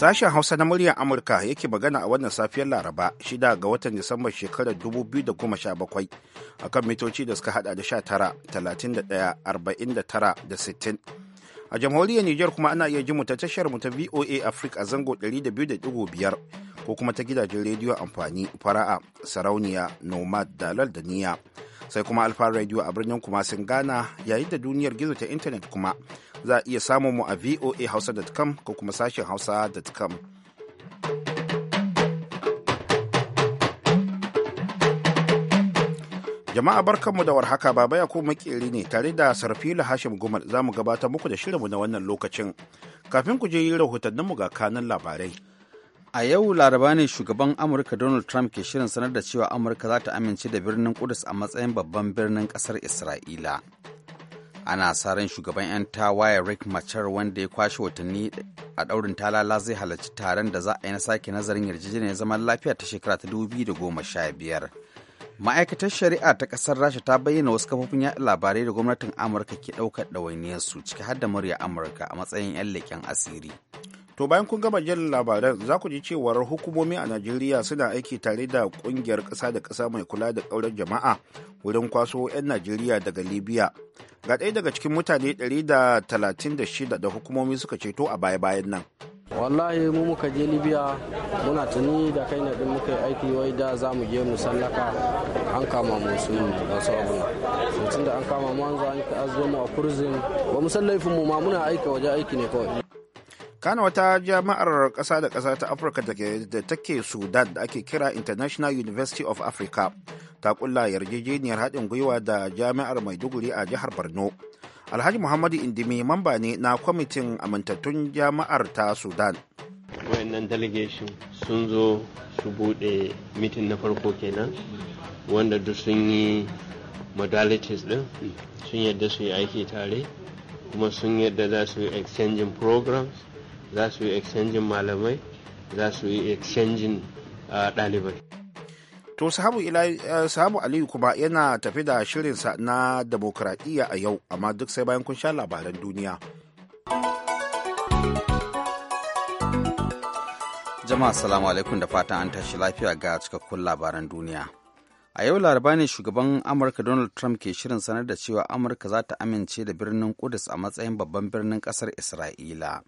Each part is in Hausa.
Sashen Hausa na muryar Amurka yake magana a wannan safiyar Laraba shida ga watan Disambar shekarar 2017 akan mitoci da suka hada da 19, tara talatin da 60. A jamhuriyar Nijar kuma ana iya jimuta ta tashar mu ta VOA Africa a zango 200.5 ko kuma ta gidajen rediyo amfani fara'a sarauniya nomad dalal da niya sai kuma alfa rediyo a birnin kuma sun gana yayin da duniyar gizo ta intanet kuma za a iya samun mu a voahausa.com ko kuma sashen hausa.com. Jama'a barkanmu da warhaka baba ya kuma makeri ne tare da Sarfilu Hashim Gumal za mu gabatar muku da shirinmu na wannan lokacin. Kafin ku je yi mu ga kanan labarai. A yau laraba ne shugaban Amurka Donald Trump ke shirin sanar da cewa Amurka za ta amince da birnin Kudus a matsayin babban birnin kasar Isra'ila. ana sa shugaban 'yan tawaye rick machar wanda ya kwashe watanni a daurin talala zai halarci taron da za a yi na sake nazarin yarjejeniyar zaman lafiya ta shekara ta 2015 ma'aikatar shari'a ta ƙasar rasha ta bayyana wasu kafofin yaɗa labarai da gwamnatin amurka ke ɗaukar ɗawainiyarsu ciki har da murya amurka a matsayin 'yan leƙen asiri to bayan kun gama jin labaran za ku ji cewar hukumomi a najeriya suna aiki tare da ƙungiyar ƙasa da ƙasa mai kula da ƙauren jama'a wurin kwaso 'yan najeriya daga libya ga ɗaya daga cikin mutane 136 da hukumomi suka ceto a baya-bayan nan wallahi mu muka je libya muna tuni da kai na din muka yi aiki wai da za mu je mu sallaka an kama mu su da su abu tun da an kama mu an zo an zo mu a kurzin ba mu san laifin mu ma muna aiki waje aiki ne kawai kana wata jami'ar kasa da ƙasa ta afirka da take sudan da ake kira international university of africa ta kulla yarjejeniyar haɗin gwiwa da jami'ar maiduguri a jihar borno alhaji muhammadu indimi mamba ne na kwamitin amintattun jama'ar ta sudan wayannan delegation sun zo su bude mitin na farko kenan wanda duk sun yi modalities din sun yadda su yi aiki tare kuma sun yadda za su yi exchanging programs za su yi exchanging malamai za su yi exchanging ah, ɗalibai To samu eh, Aliyu kuma yana tafi da shirinsa na demokradiyya a yau amma duk sai bayan kun sha labaran duniya. Jama'a salamu alaikum da fatan an tashi lafiya ga cikakkun labaran duniya. A yau laraba ne shugaban Amurka Donald Trump ke shirin sanar da cewa Amurka za ta amince da birnin Kudus a matsayin babban birnin kasar Isra'ila.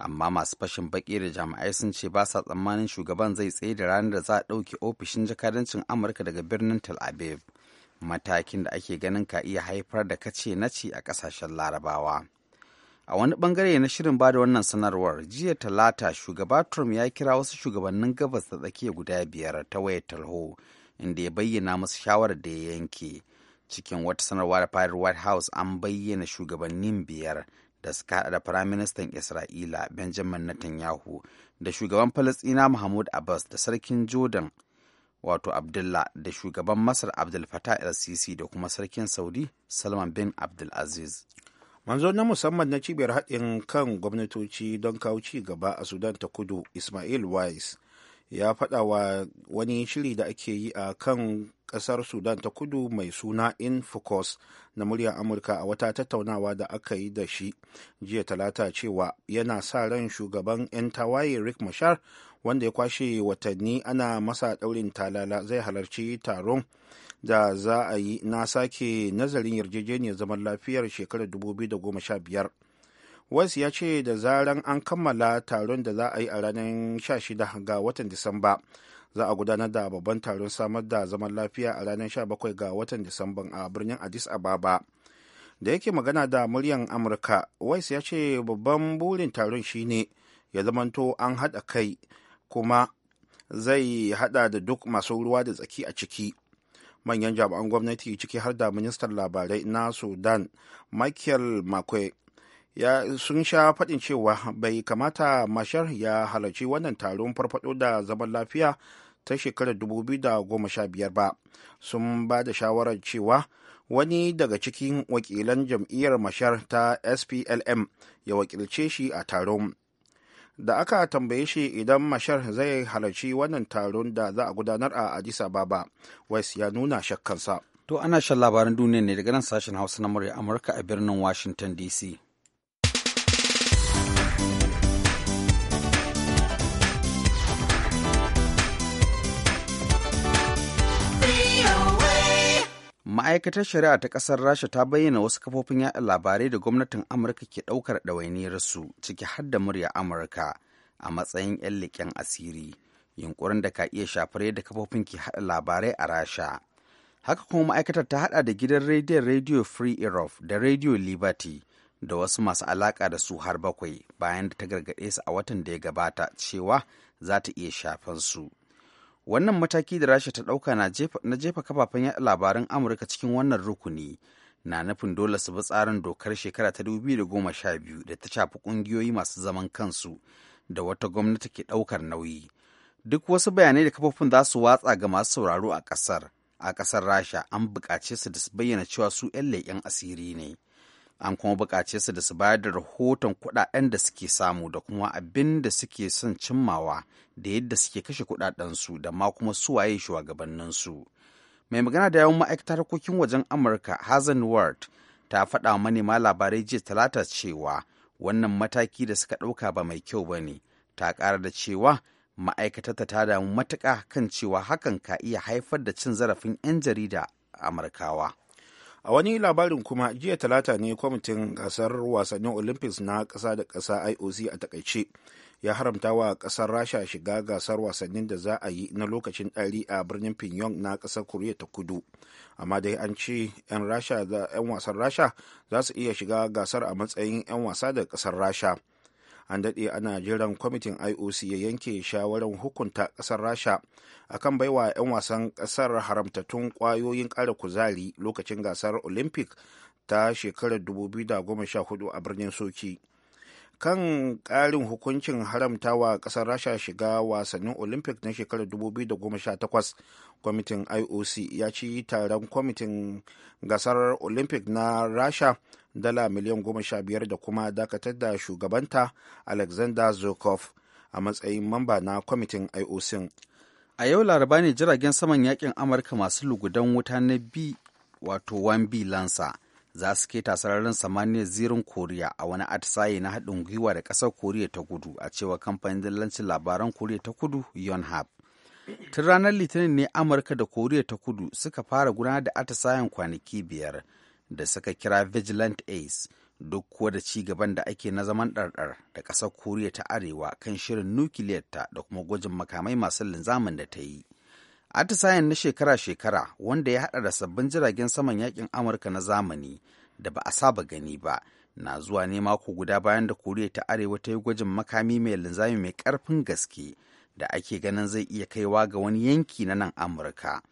amma masu fashin baki da jami'ai sun ce ba sa tsammanin shugaban zai tsaye da ranar da za a ɗauke ofishin jakadancin amurka daga birnin tel aviv matakin da ake ganin ka iya haifar da kace na ci a ƙasashen larabawa a wani bangare na shirin bada da wannan sanarwar jiya talata shugaba trump ya kira wasu shugabannin gabas da tsakiya guda biyar ta wayar talho inda ya bayyana musu shawarar da ya yanke cikin wata sanarwa da fadar white house an bayyana shugabannin biyar da suka hada da Firaministan Isra'ila Benjamin Netanyahu da shugaban Falasɗina Mahmud Abbas da sarkin Jordan wato Abdullah da shugaban Masar Abdul Fattah el-Sisi da kuma sarkin Saudi Salman bin Abdul Aziz. Manzo na musamman na cibiyar haɗin kan gwamnatoci don kawo ci gaba a Sudan ta kudu Ismail weiss. ya faɗa wa wani shiri da ake yi a kan ƙasar sudan ta kudu mai suna infocos na muryar amurka a wata tattaunawa da aka yi da shi jiya talata cewa yana sa ran shugaban 'yan tawaye rick mashar wanda ya kwashe watanni ana masa ɗaurin talala zai halarci taron da za a yi na sake nazarin yarjejeniyar zaman lafiyar shekarar 2015 West ya ce da zaran an kammala taron da za a yi a ranar 16 ga watan Disamba, za a gudanar da babban taron samar da zaman lafiya a ranar 17 ga watan disamba a birnin Addis Ababa. Da yake magana da muryan Amurka, West ya ce babban burin taron shi ne ya zamanto an haɗa kai kuma zai haɗa da duk masu ruwa da tsaki a ciki. Manyan jami'an gwamnati ciki har da ministan labarai na Sudan, Michael Makwe, ya sun sha faɗin cewa bai kamata mashar ya halarci wannan taron farfaɗo da zaman lafiya ta shekarar 2015 ba sun ba da shawarar cewa wani daga cikin wakilan jam'iyyar mashar ta splm ya wakilce shi a taron da aka tambaye shi idan mashar zai halarci wannan taron da za a gudanar a addis ababa west ya nuna shakkansa to ana shan labaran duniya ne daga nan sashen hausa na murya amurka a birnin washington dc ma'aikatar shari'a ta ƙasar rasha ta bayyana wasu kafofin yaɗa labarai da gwamnatin amurka ke ɗaukar ɗawainiyarsu ciki har da murya amurka a matsayin 'yan leƙen asiri yunkurin da ka iya shafar yadda kafofin ke haɗa labarai a rasha haka kuma ma'aikatar ta haɗa da gidan rediyon radio free europe da radio liberty da wasu masu alaƙa da su har bakwai bayan da ta gargaɗe su a watan da ya gabata cewa za ta iya shafan su wannan mataki da rasha ta ɗauka na jefa kafafen yaɗa labaran amurka cikin wannan rukuni na nufin dole su bi tsarin dokar shekara ta 2012 da ta shafi ƙungiyoyi masu zaman kansu da wata gwamnati ke ɗaukar nauyi duk wasu bayanai da kafofin za su watsa ga masu sauraro a ƙasar a ƙasar rasha an buƙace su da su bayyana cewa su 'yan leƙen asiri ne an kuma buƙace su da su bayar da rahoton kuɗaɗen da suke samu da kuma abin da suke son cimmawa da yadda suke kashe su da ma kuma suwaye su mai magana da yawan ma'aikatar harkokin wajen amurka hazen ward ta faɗa manema labarai jiya talata cewa wannan mataki da suka ɗauka ba mai kyau ba ne ta ƙara da cewa ma'aikatarta ta damu matuƙa kan cewa hakan ka iya haifar da cin zarafin 'yan jarida a amurkawa. a wani labarin kuma jiya talata ne kwamitin gasar wasannin olympics na ƙasa da ƙasa ioc a takaice ya haramta wa ƙasar rasha shiga gasar wasannin da za a yi na lokacin ɗari a birnin pinyong na ƙasar korea ta kudu amma dai an ce 'yan wasan rasha za su iya shiga gasar a matsayin 'yan wasa da ƙasar rasha an daɗe ana jiran kwamitin ioc ya yanke shawarar hukunta ƙasar rasha akan baiwa 'yan wasan ƙasar haramtattun kwayoyin ƙara kuzari lokacin gasar olympic ta shekarar 2014 a birnin soki kan ƙarin hukuncin haramtawa ƙasar rasha shiga wasannin olympic na shekarar 2018 kwamitin ioc ya ci taron kwamitin gasar olympic na rasha dala miliyan goma sha biyar da kuma dakatar da shugabanta alexander zokov a matsayin mamba na kwamitin ioc a yau laraba ne jiragen saman yakin amurka masu lugudan wuta na b wato 1b lansa za su keta sararin samaniya zirin koriya a wani atisaye na haɗin gwiwa da ƙasar koriya ta kudu a cewa kamfanin dillancin labaran koriya ta kudu yonhap tun ranar litinin ne amurka da koriya ta kudu suka fara gudanar da atisayen kwanaki biyar da suka kira vigilant ace duk kuwa da ci gaban da ake na zaman ɗarɗar da ƙasar koriya ta arewa kan shirin nukiliyarta da kuma gwajin makamai masu linzamin da ta yi atisayen na shekara-shekara wanda ya haɗa da sabbin jiragen saman yakin amurka na zamani da ba a saba gani ba na zuwa ne mako guda bayan da koriya ta arewa ta yi gwajin makami mai linzami mai ƙarfin gaske da ake ganin zai iya kaiwa ga wani yanki na nan amurka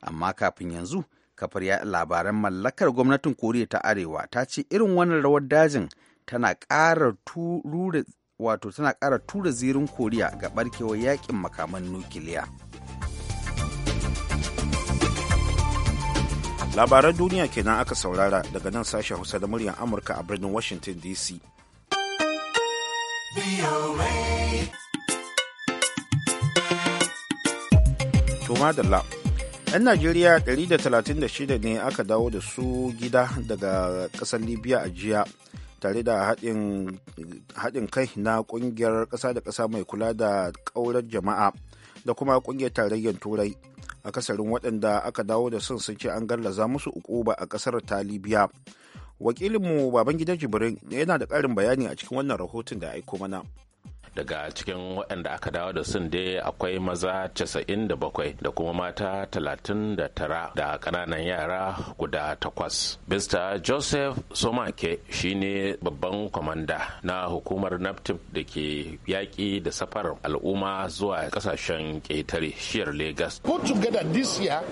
amma kafin yanzu kafar ya labaran mallakar gwamnatin koriya ta arewa ta ce irin wannan rawar dajin tana ƙara tura wato tana ƙara tura zirin koriya ga barkewar yakin makaman nukiliya labaran duniya kenan aka saurara daga nan sashen hausa da muryar amurka a birnin washington dc to madalla 'yan najeriya 136 ne aka dawo da su gida daga ƙasar libya a jiya tare da haɗin kai na ƙungiyar ƙasa da ƙasa mai kula da ƙaurar jama'a da kuma ƙungiyar tarayyar turai a akasarin waɗanda aka dawo da sun sun ce an gallaza musu ukuba a ƙasar ta libya wakilinmu baban gidan jibrin yana da ƙarin bayani a cikin wannan rahoton da aiko mana daga cikin waɗanda aka dawo da sun dai akwai maza 97 da kuma mata 39 da ƙananan yara guda takwas bista joseph somake shine babban kwamanda na hukumar naptip da ke yaƙi da safar al'umma zuwa ƙasashen ƙetare shiyar lagos put together this year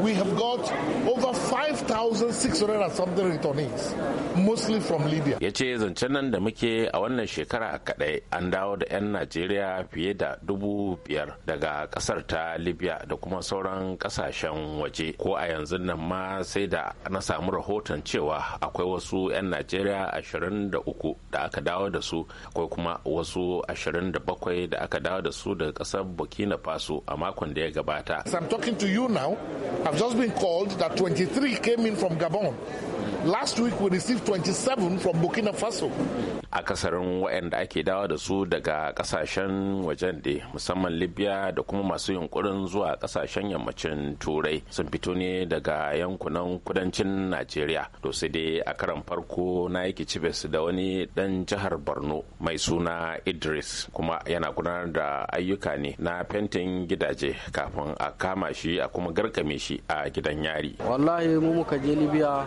we have got over 5,600 and something returnees, mostly from Libya. Ya ce zancen nan da muke a wannan shekara kaɗai an dawo da 'yan Najeriya fiye da dubu biyar daga kasar ta Libya da kuma sauran kasashen waje. Ko a yanzu nan ma sai da na samu rahoton cewa akwai wasu 'yan Najeriya 23 da aka dawo da su, akwai kuma wasu 27 da aka dawo da su daga ƙasar Burkina Faso a makon da ya gabata. I'm talking to you now. I've just been called that 23 came in from Gabon. Last week we received 27 from Burkina Faso. akasarin waɗanda ake dawo da su daga kasashen wajen da musamman libya da kuma masu yunkurin zuwa kasashen yammacin turai sun fito ne daga yankunan kudancin najeriya to sai dai a karan farko na yake cibes da wani dan jihar borno mai suna idris kuma yana gudanar da ayyuka ne na fentin gidaje kafin a kama shi a kuma garkame shi a gidan yari wallahi mu muka je libya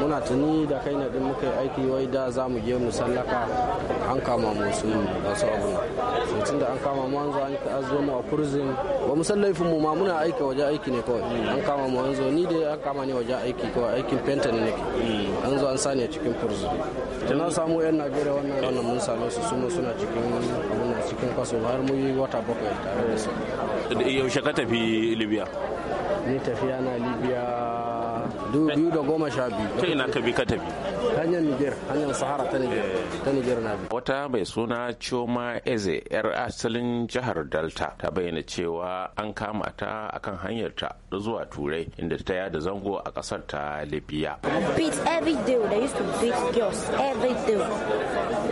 muna tuni da kai na din muka yi aiki wai da za mu je mu sallaka an kama mu su da su abu tun da an kama mu an zo an zo mu a kurzin ba mu sallafin mu ma muna aiki waje aiki ne kawai an kama mu an zo ni da an kama ne waje aiki kawai aikin penta ne nake an zo an sani a cikin kurzin na samu yan najeriya wannan wannan mun same su suna suna cikin abin cikin kwaso har mu yi wata bakwai tare da su yaushe ka tafi libya ni tafiya na libya da goma sha biyu. ta ina ka bi ka tafi hanyar niger hanyar sahara ta niger ta niger na bi wata mai suna choma eze yar asalin jihar delta ta bayyana cewa an kama ta akan hanyar ta zuwa turai inda ta yada zango a kasar ta libya beat every day they used to beat girls every day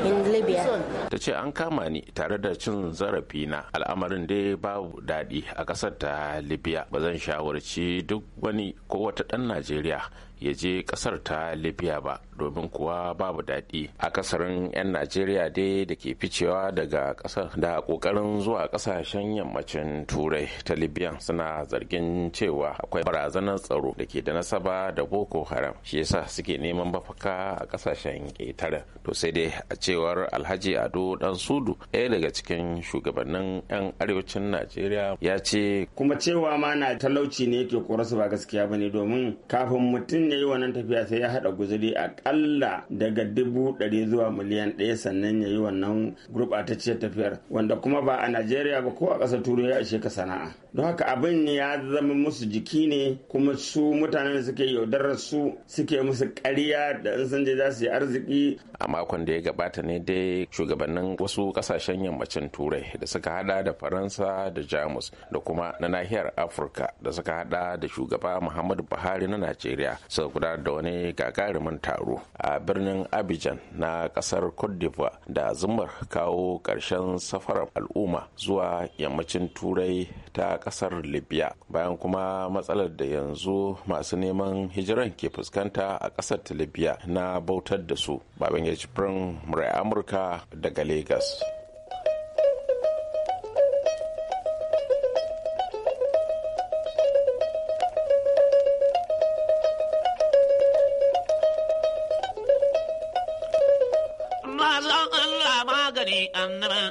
in libya ta ce an kama ni tare da cin zarafi na al'amarin dai babu dadi a kasar ta libya ba zan shawarci duk wani ko wata ɗan najeriya Yeah. ya je kasar ta libya ba domin kuwa babu daɗi a kasarin 'yan najeriya dai da ke ficewa daga ƙasar da ƙoƙarin zuwa ƙasashen yammacin turai ta libya suna zargin cewa akwai barazanar tsaro da ke da nasaba da boko haram shi yasa suke neman bafaka a ƙasashen ƙetare to sai dai a cewar alhaji ado dan sudu ɗaya daga cikin shugabannin 'yan arewacin najeriya ya ce kuma cewa ma na talauci ne ke korasu ba gaskiya bane domin kafin mutum ya yi wannan tafiya sai ya haɗa guzuri aƙalla daga dubu ɗari zuwa miliyan ɗaya sannan ya yi wannan gurɓatacciyar tafiyar wanda kuma ba a najeriya ba ko a ƙasar turai ya ishe ka sana'a don haka abin ya zama musu jiki ne kuma su mutanen da suke yaudarar su suke musu ƙarya da in sun je za su yi arziki a makon da ya gabata ne dai shugabannin wasu kasashen yammacin turai da suka hada da faransa da jamus da kuma na nahiyar afirka da suka hada da shugaba muhammadu buhari na najeriya suka guda da wani gagarumin taro a birnin abidjan na kasar cote d'ivoire da zumar kawo karshen safarar al'umma zuwa yammacin turai ta kasar libya bayan kuma matsalar da yanzu masu neman hijiran ke fuskanta a kasar ta libya na bautar da su babin ya murai amurka daga lagos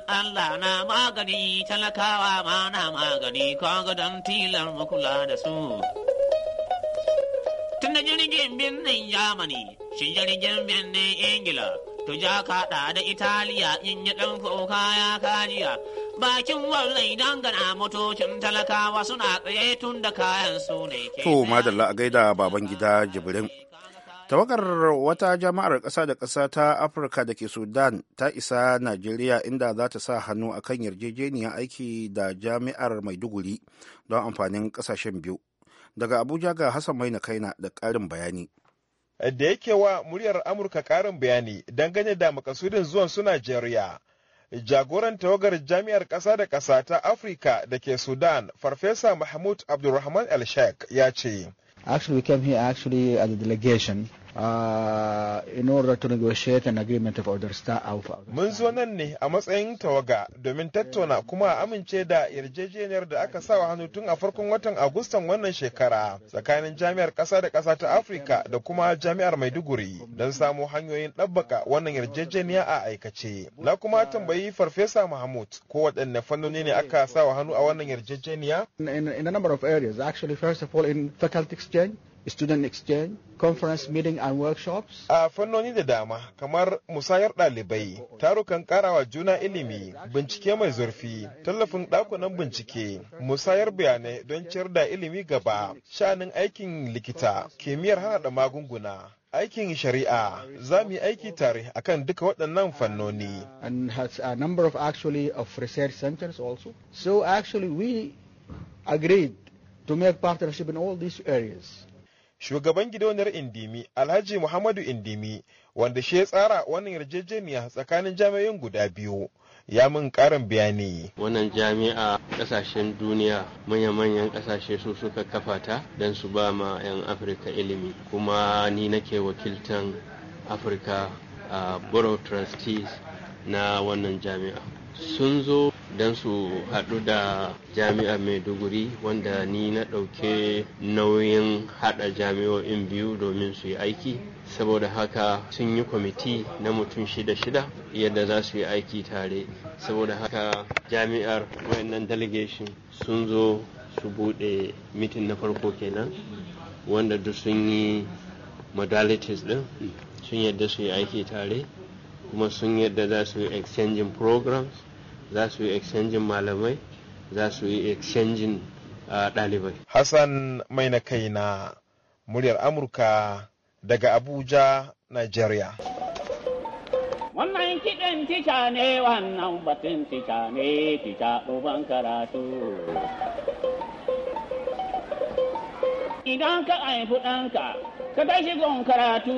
Allah na magani talakawa ma na magani kaga don tilar makula da su. Tun da jirgin birnin Yamani, shi jirgin birnin Ingila, ja kaɗa da Italiya in yi ɗan kaya kajiya. bakin wallai dangana motocin talakawa suna tsaye tun da kayan su ne To, madalla a gaida baban gida Jibrin. tawagar wata jama'ar ƙasa da ƙasa ta afirka da ke sudan ta isa najeriya inda za ta sa hannu a kan yarjejeniyar aiki da jami'ar maiduguri don amfanin ƙasashen biyu daga abuja ga hassan maina kaina da ƙarin bayani da yake wa muryar amurka ƙarin bayani dangane da makasudin zuwan su najeriya jagoran tawagar jami'ar ƙasa da ƙasa ta afirka da ke sudan farfesa mahmud abdulrahman el ya ce Actually, we came here actually as a delegation uh, in order to negotiate an agreement of understand Mun zo nan ne a matsayin tawaga domin tattauna kuma a amince da yarjejeniyar da aka sawa hannu tun a farkon watan Agustan wannan shekara tsakanin jami'ar ƙasa da ƙasa ta Afirka da kuma jami'ar Maiduguri don samu hanyoyin ɗabbaka wannan yarjejeniya a aikace. Na kuma tambayi Farfesa Mahmud ko waɗanne fannoni ne aka sawa hannu a wannan yarjejeniya? In, in, in a number of areas, actually first of all in faculty exchange, student exchange, conference meeting and workshops. A fannoni da dama kamar musayar ɗalibai, tarukan karawa juna ilimi, bincike mai zurfi, tallafin ɗakunan bincike, musayar bayanai don ciyar da ilimi gaba, sha'anin aikin likita, kimiyyar hana da magunguna, aikin shari'a za mu yi aiki tare akan duka waɗannan fannoni. And has a number of actually of research centers also. So actually we agreed to make partnership in all these areas. shugaban gidauniyar indimi alhaji muhammadu indimi wanda shi ya tsara wannan yarjejeniya tsakanin jami'in guda biyu ya min karin bayani wannan jami'a kasashen duniya manya-manyan kasashe su suka kafa ta don su ba ma 'yan afirka ilimi kuma ni nake wakiltan afirka a ah, borough trustees na wannan jami'a sun zo don su haɗu da jami'a maiduguri wanda ni na ɗauke nauyin haɗa jami'o'in biyu domin su yi aiki saboda haka sun yi kwamiti na mutum shida-shida yadda za su yi aiki tare saboda haka jami'ar wayannan delegation sun zo su buɗe mitin na farko kenan wanda duk sun yi modalities ɗin sun yadda su yi aiki tare kuma sun yadda za su yi exchanging programs za su yi exchanging malamai za su yi exchanging ɗalibai. Hassan mai na kai na muryar Amurka daga Abuja, Nigeria. Wannan kiɗin tica ne wannan batun tica ne tica uban karatu. Idan ka haifi ɗanka, ka kai shi karatu.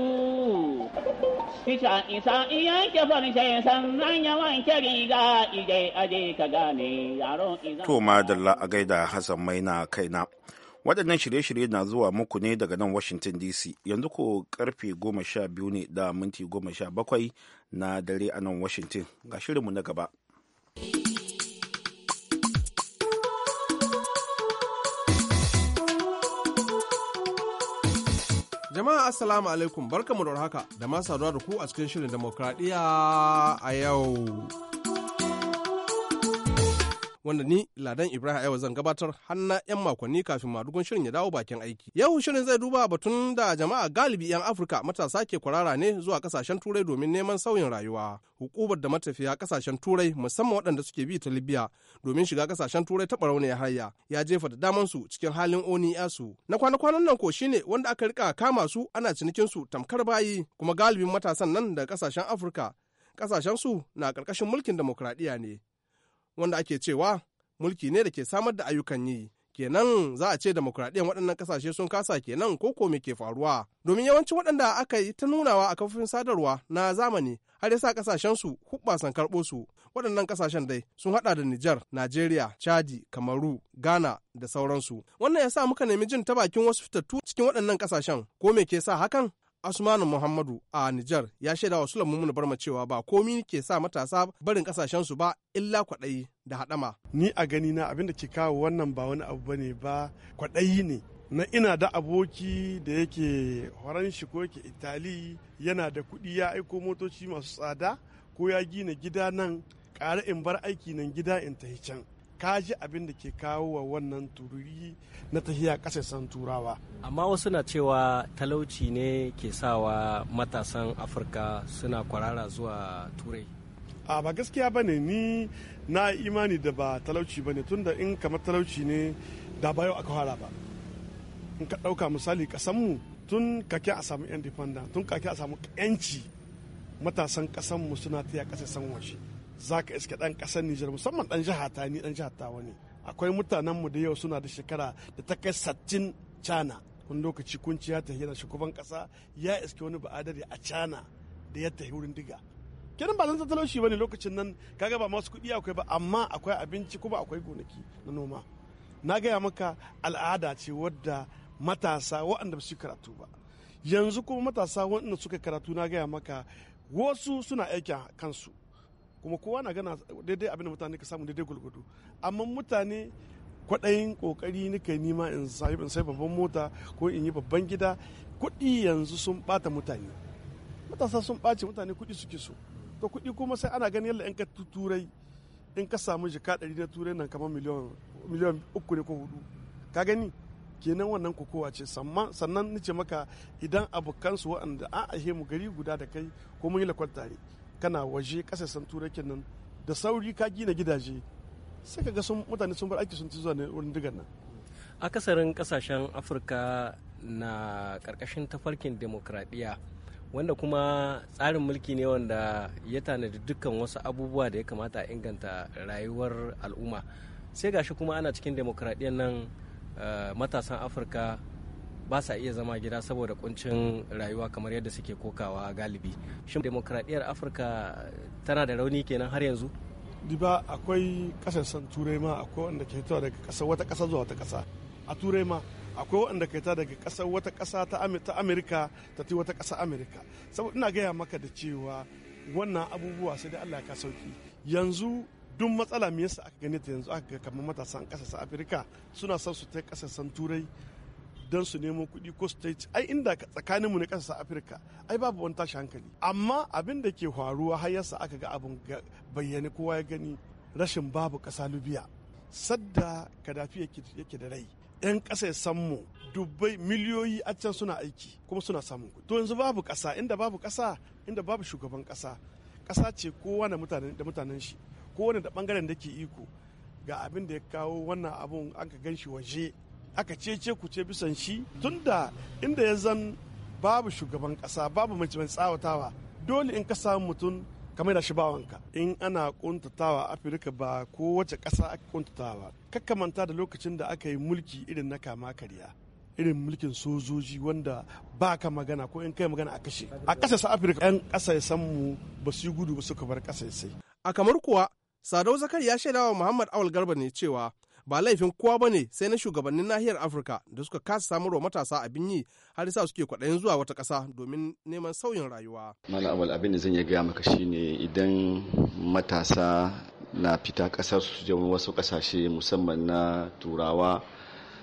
Isa isa yanke farce ya wanke riga ije aje ka gane yaro iza. To madalla a gaida Hassan Maina kaina. Waɗannan shirye-shirye na zuwa muku ne daga nan Washington DC yanzu ko karfe goma sha biyu ne da minti goma sha bakwai na dare a nan Washington ga shirinmu na gaba. Jama'a Assalamu alaikum barkamu da haka da ma saduwa da ku a cikin shirin demokradiyya a yau. wanda ni Ladan Ibrahim yau zan gabatar hanna 'yan makonni kafin madugun shirin ya dawo bakin aiki. Yau shirin zai duba batun da jama'a galibi 'yan Afirka matasa ke kwarara ne zuwa kasashen Turai domin neman sauyin rayuwa. hukumar da matafiya kasashen Turai musamman waɗanda suke bi ta Libya domin shiga kasashen Turai ta barauniyar haya ya jefa da daman su cikin halin oni yasu. Na kwana-kwanan nan ko shine wanda aka rika kama su ana cinikin su tamkar bayi kuma galibin matasan nan daga kasashen Afirka kasashen su na ƙarƙashin mulkin demokradiyya ne wanda ake cewa mulki ne da ke samar da ayyukan yi kenan za a ce demokradiyyar waɗannan ƙasashe sun kasa kenan ko ko me ke faruwa domin yawancin waɗanda aka yi ta nunawa a kafofin sadarwa na zamani har yasa ƙasashen su hubbasan karɓo su waɗannan ƙasashen dai sun haɗa da Nijar, Najeriya, Chadi, Kamaru, Ghana da sauransu wannan yasa muka nemi jin ta bakin wasu fitattu cikin waɗannan ƙasashen ko me ke sa hakan Asmanu Muhammadu a Nijar ya shaida wa Sulaiman Mumunu Barma cewa ba komi ke sa matasa barin kasashen su ba illa kwaɗayi da haɗama. Ni a gani na abin da ke kawo wannan ba wani abu bane ba kwaɗayi ne. Na ina da aboki da yake shi ko yake Itali yana da kuɗi ya aiko motoci masu tsada ko ya gina gida nan ƙara in bar aiki nan gida in tahi can. ka ji abin da ke kawo wa wannan tururi na tahiya kasashen turawa amma wasu na cewa talauci ne ke sawa matasan afirka suna kwarara zuwa turai a ba gaskiya ba ne ni na imani da ba talauci ba ne tunda in kamar talauci ne da ba yau aka fara ba in ka ɗauka misali kasanmu tun kake a samu independent tun kake a samu 'yanci matasan kasanmu suna taya kasashen waje za ka iske ɗan ƙasar Nijar musamman ɗan jiha ta ni ɗan jiha ta wani. Akwai mutanenmu da yau suna da shekara da ta kai sattin cana. Wani lokaci kunci ya tafi yana shugaban ƙasa ya iske wani ba'adari a cana da ya tafi wurin diga. kenan ba zan tattalo shi bane lokacin nan kaga ba masu kuɗi akwai ba amma akwai abinci kuma akwai gonaki na noma na gaya maka al'ada ce wadda matasa waɗanda ba su karatu ba yanzu kuma matasa waɗanda suka karatu na gaya maka wasu suna aikin kansu kuma kowa na gana daidai abin da mutane ka samu daidai gulgudu amma mutane kwaɗayin ƙoƙari nika nima in sai babban mota ko in yi babban gida kuɗi yanzu sun ɓata mutane matasa sun ɓace mutane kuɗi suke so to kuɗi kuma sai ana ganin yadda in ka turai in ka samu jika ɗari na turai nan kamar miliyan uku ne ko hudu ka gani kenan wannan kokowa ce sannan nace maka idan abokansu waɗanda a ahe mu gari guda da kai ko mun yi lakwal tare kana waje kasashen turai kenan da sauri ka gina gidaje sai ka ga sun mutane sun bar aiki sun ci zuwa wurin digan nan akasarin kasashen afirka na karkashin tafarkin demokradiyya wanda kuma tsarin mulki ne wanda ya tanadi dukkan wasu abubuwa da ya kamata a inganta rayuwar al'umma sai gashi kuma ana cikin demokradiyyar nan eh, matasan afirka ba sa iya zama gida saboda kuncin rayuwa kamar yadda suke kokawa galibi shin demokradiyyar afirka tana da rauni kenan har yanzu diba akwai kasashen turai ma akwai wanda ke fitowa daga kasar wata kasa zuwa wata kasa a turai ma akwai wanda ke ta daga kasar wata kasa ta amerika ta ti wata kasa amerika saboda ina gaya maka da cewa wannan abubuwa sai dai allah ka sauki yanzu duk matsala me yasa aka gani ta yanzu aka ga kamar matasan kasashen afirka suna son su ta kasashen turai don su nemo kuɗi ko su ai inda tsakaninmu na kasa afirka ai babu wani tashi hankali amma abin da ke faruwa har yasa aka ga abin bayyane kowa ya gani rashin babu ƙasa lubiya sadda kadafi yake da rai yan ƙasa ya san mu dubbai miliyoyi a can suna aiki kuma suna samun kuɗi to yanzu babu ƙasa inda babu ƙasa inda babu shugaban ƙasa ƙasa ce kowa da mutanen shi kowane da bangaren da ke iko ga abin da ya kawo wannan abun an ka gan shi waje aka cece ku ce bisan shi tunda inda ya zan babu shugaban kasa babu mace mai tsawatawa dole in ka samu mutum kamar da shi bawanka in ana kuntatawa afirka ba ko wace ƙasa aka kuntatawa kakkamanta da lokacin da aka yi mulki irin na kama karya irin mulkin sojoji wanda ba ka magana ko in kai magana a kashe a ƙasashen afirka 'yan ƙasashen mu ba su yi gudu ba suka bar ƙasashe a kamar kuwa sadau zakari ya shaidawa muhammad awal garba ne cewa ba laifin kowa ba ne sai na shugabannin nahiyar afirka da suka kasa samarwa matasa abin yi har sa suke kwaɗayin zuwa wata ƙasa domin neman sauyin rayuwa malam abin da zan iya gaya maka shine idan matasa na fita ƙasar su je wasu ƙasashe musamman na turawa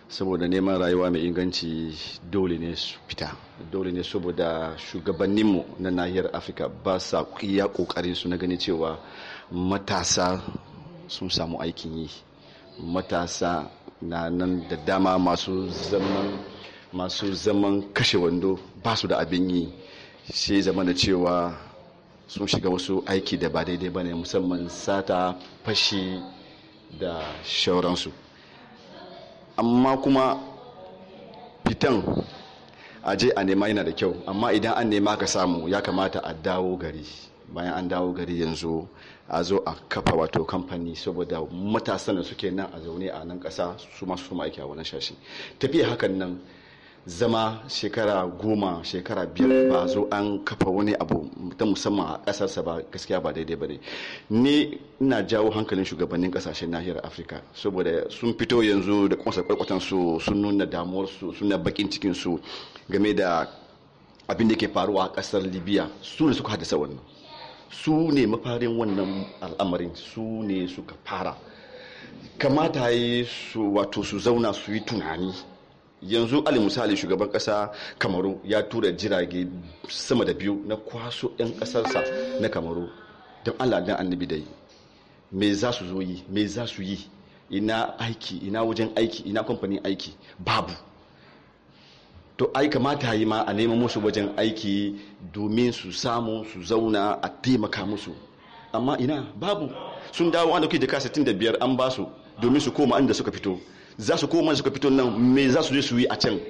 saboda neman rayuwa mai inganci dole ne su fita dole ne saboda shugabanninmu na nahiyar afirka ba sa iya ƙoƙarin su na gani cewa matasa sun samu aikin yi matasa na nan da dama masu zaman masu zaman kashe wando ba su da abin yi sai zama da cewa sun shiga wasu aiki da ba daidai ba ne musamman sata fashi da shauransu amma kuma fitan aje a nema yana da kyau amma idan an nema ka samu ya kamata a dawo gari bayan an dawo gari yanzu a zo a kafa wato kamfani saboda matasan da suke nan a zaune a nan kasa su masu suma aiki a wani shashi tafiya hakan nan zama shekara goma shekara biyar ba zo an kafa wani abu ta musamman a ƙasarsa ba gaskiya ba daidai ba ne ni ina jawo hankalin shugabannin ƙasashen nahiyar afirka saboda sun fito yanzu da kwasa kwarkwatan su sun nuna damuwarsu sun nuna bakin cikin su game da abin da ke faruwa a ƙasar libya su ne suka haddasa wannan su ne mafarin wannan al'amarin su ne suka fara kamata yi su wato su zauna su yi tunani yanzu ali misali shugaban kasa kamaru ya tura jirage sama da biyu na kwaso 'yan kasarsa na kamaru don allah dan annabi da yi me za su zo yi me za su yi ina aiki ina wajen aiki ina kamfanin aiki babu to ai kamata yi ma a nema musu wajen aiki domin su samu su zauna a taimaka musu amma ina babu sun dawo an dauki jaka 65 an ba su domin su koma inda suka fito za su koma suka fito nan me za su je su yi a can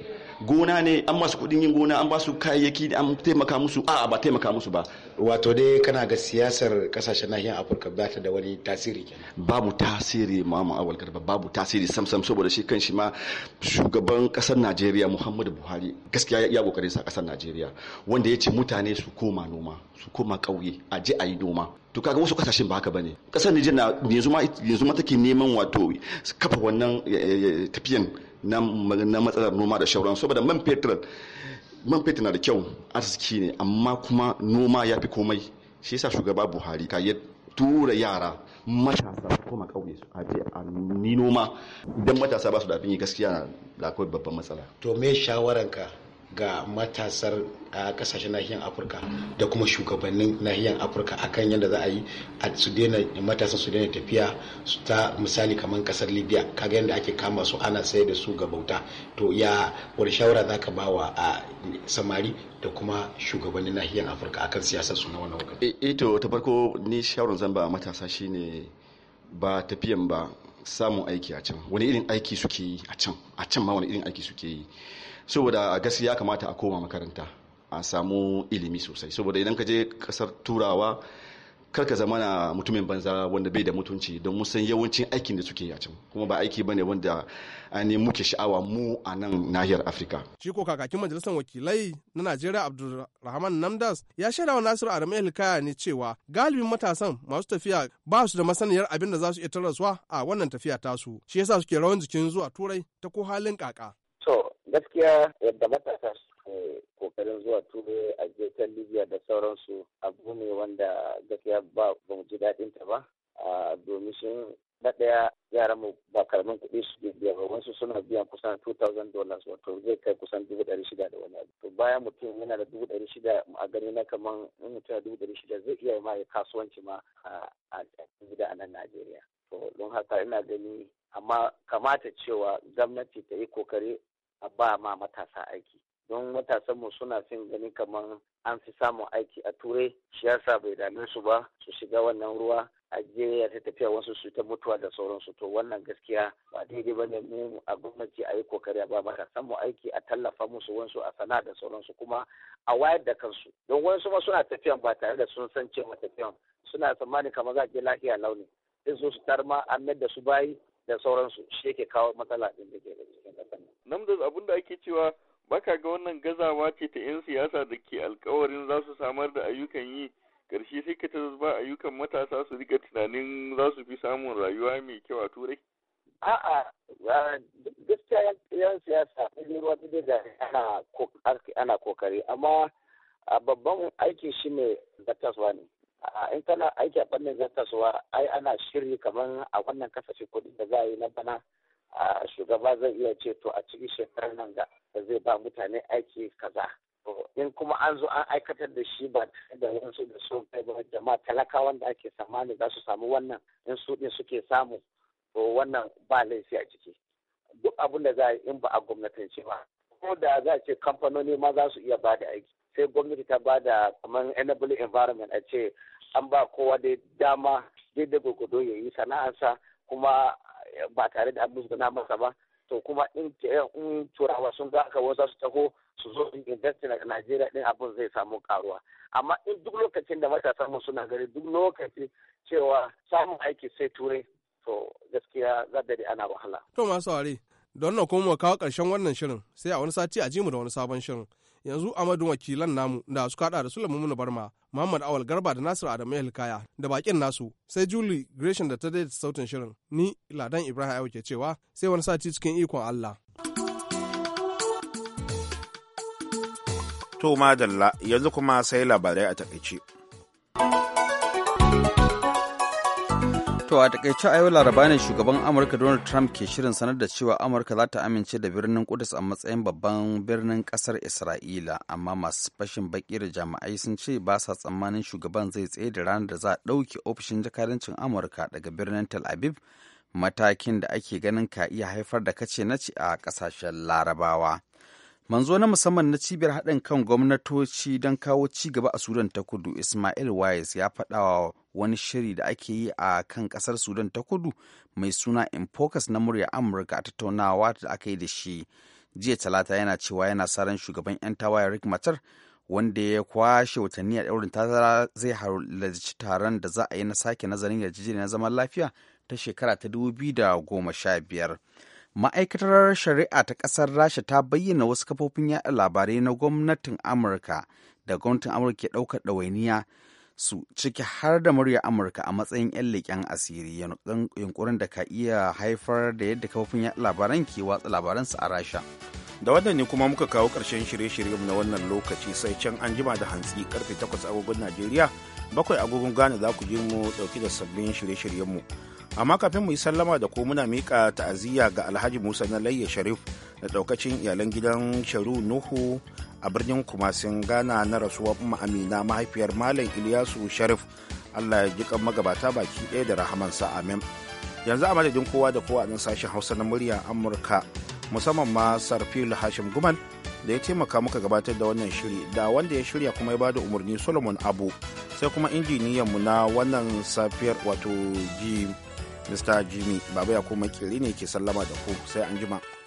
gona ne an masu kuɗin yin gona an ba su kayayyaki an taimaka musu a'a ba taimaka musu ba wato dai kana ga siyasar kasashen nahiyar afirka ba ta da wani tasiri babu tasiri mamu awal garba babu tasiri sam sam saboda shi kan shi ma shugaban kasar najeriya muhammadu buhari gaskiya ya kokarin sa kasar najeriya wanda ya ce mutane su koma noma su koma ƙauye a je a yi noma to kaga wasu kasashen ba haka bane kasar Nijar na yanzu yanzu ma take neman wato kafa wannan eh, eh, tafiyan na matsalar noma da shauran saboda man fetur man fetur na da kyau arziki ne amma kuma noma ya fi komai shi yasa shugaba buhari ka ya tura yara matasa su koma kauye su a ni noma idan matasa ba su da abin yi gaskiya na da akwai babban matsala to me shawaranka ga matasar kasashen nahiyar afirka da kuma shugabannin nahiyar afirka akan yadda za a yi a su daina matasan su daina tafiya su ta misali kamar kasar libya kaga yadda ake kama su ana sayar da su ga bauta to ya wani shawara za ka bawa a samari da kuma shugabannin nahiyar afirka akan siyasar su na wannan wakati ito eh, eh ta farko ni shawarar zan ba matasa shine ba tafiyan ba samun aiki a can wani irin aiki suke yi a can a can ma wani irin aiki suke yi saboda a ya kamata a koma makaranta a samu ilimi sosai saboda idan ka je kasar turawa karka zama na mutumin banza wanda bai da mutunci don musan yawancin aikin da suke yacin kuma ba aiki bane wanda ne muke sha'awa mu a nan nahiyar afirka shi ko kakakin majalisar wakilai na najeriya abdulrahman namdas ya shaida wa nasiru adamu hilkaya ne cewa galibin matasan masu tafiya ba su da masaniyar abin da za su iya tarasuwa a wannan tafiya tasu shi yasa suke rawan jikin zuwa turai ta ko halin kaka to gaskiya yadda matasa suke kokarin zuwa turai a gefen libya da sauransu abu ne wanda gaskiya ba ba mu ji daɗin ta ba domin sun na ɗaya yaran mu ba karamin kuɗi su biya ba wasu suna biyan kusan 2000 dollars wato zai kai kusan dubu ɗari shida da wani abu to bayan mutum yana da dubu ɗari shida a gani na kaman in mutum da dubu ɗari shida zai iya ma ya kasuwanci ma a gida a nan Najeriya to don haka ina gani amma kamata cewa gwamnati ta yi kokari a ba ma matasa aiki don matasanmu suna fin gani kamar an fi samun aiki a turai shi yasa bai dame su ba su shiga wannan ruwa a ya ta tafiya wasu su ta mutuwa da sauransu to wannan gaskiya ba daidai ba ne mu a gwamnati a yi kokari a ba matasan aiki a tallafa musu wansu a sana da sauransu kuma a wayar da kansu don wasu ma suna tafiyan ba tare da sun san cewa tafiyan suna tsammani kamar za a je lafiya launi sai su su tarma an da su bayi da sauransu shi yake kawo matsala din da ke da cikin ƙasar nan. Namdas abin da ake cewa baka ga wannan gazawa ce ta 'yan siyasa da ke alkawarin za su samar da ayyukan yi karshe sai ka ta zuba ayyukan matasa su rika tunanin za su fi samun rayuwa mai kyau a turai. A'a gaskiya yan siyasa ɗin ruwa da ana kokari amma babban aiki shi ne zartaswa ne in kana aiki a fannin yan kasuwa ai ana shiri kamar a wannan kasashe kuɗi da za a yi na bana a shugaba zai iya ce to a cikin shekarar nan ga zai ba mutane aiki kaza in kuma an zo an aikatar da shi ba da wasu da sun kai ba jama'a talakawan da ake tsammanin za su samu wannan in su ɗin suke samu to wannan ba laifi a ciki duk abin da za a yi in ba a gwamnatance ba ko da za a ce kamfanoni ma za su iya ba da aiki sai gwamnati ta ba da kamar enable environment a ce an ba kowa da dama daidai gwagwado ya yi sana'arsa kuma ba tare da abin musguna masa ba to kuma in turawa sun ga aka wasu su taho su zo in invest na Najeriya din abin zai samu karuwa amma in duk lokacin da matasa mu suna gari duk lokaci cewa samun aiki sai turai to gaskiya da ana wahala to masu ware don na kuma kawo karshen wannan shirin sai a wani sati a ji mu da wani sabon shirin yanzu amadu wakilan namu da suka hada da sulaiman barma muhammad awal garba da nasiru adamu hilkaya da bakin nasu sai juli gresham da ta daidaita sautin shirin ni ladan ibrahim ayo ke cewa sai wani sati cikin ikon allah to madalla yanzu kuma sai labarai a takaice To a takaice a yau laraba ne shugaban Amurka Donald Trump ke shirin sanar da cewa Amurka za ta amince da birnin Kudus a matsayin babban birnin kasar Isra'ila, amma masu fashin baki da jama'ai sun ce ba sa tsammanin shugaban zai tsaye da ranar da za a ɗauke ofishin jakadancin Amurka daga birnin Tel Aviv, matakin da ake ganin ka iya haifar da kace nace a ƙasashen Larabawa. manzo na musamman na cibiyar haɗin kan gwamnatoci don kawo ci gaba a sudan ta kudu ismail wise ya faɗa wani shiri da ake yi a kan ƙasar sudan ta kudu mai suna in focus na murya amurka a tattaunawa da aka yi da shi jiya talata yana cewa yana sa ran shugaban 'yan tawaye rick matar wanda ya kwashe watanni a ɗaurin tazara zai halarci taron da za a yi na sake nazarin yarjejeniyar zaman lafiya ta shekara ta dubu biyu da goma sha biyar. ma'aikatar shari'a ta ƙasar rasha ta bayyana wasu kafofin yaɗa labarai na gwamnatin amurka da gwamnatin amurka ke ɗaukar ɗawainiya su ciki har da murya amurka a matsayin 'yan leƙen asiri yunkurin da ka iya haifar da yadda kafofin yaɗa labaran ke watsa labaransu a rasha da wannan ne kuma muka kawo karshen shirye-shiryen na wannan lokaci sai can an jima da hantsi karfe 8 agogon najeriya bakwai agogon ghana za ku je mu ɗauki da sabbin shirye-shiryenmu amma kafin mu yi sallama da ko muna miƙa ta'aziyya ga alhaji musa na layya sharif da ɗaukacin iyalan gidan sharu nuhu a birnin kumasin ghana na rasuwar amina mahaifiyar malam iliyasu sharif allah ya jikan magabata baki ɗaya da rahamansa amin yanzu a madadin kowa da kowa a sashen hausa na murya amurka musamman ma sarfil hashim guman da ya taimaka muka gabatar da wannan shiri da wanda ya shirya kuma ya ba da umarni solomon abu sai kuma injiniyanmu na wannan safiyar wato jim mr jimmy baba ya kuma ne ke sallama da ku sai an jima.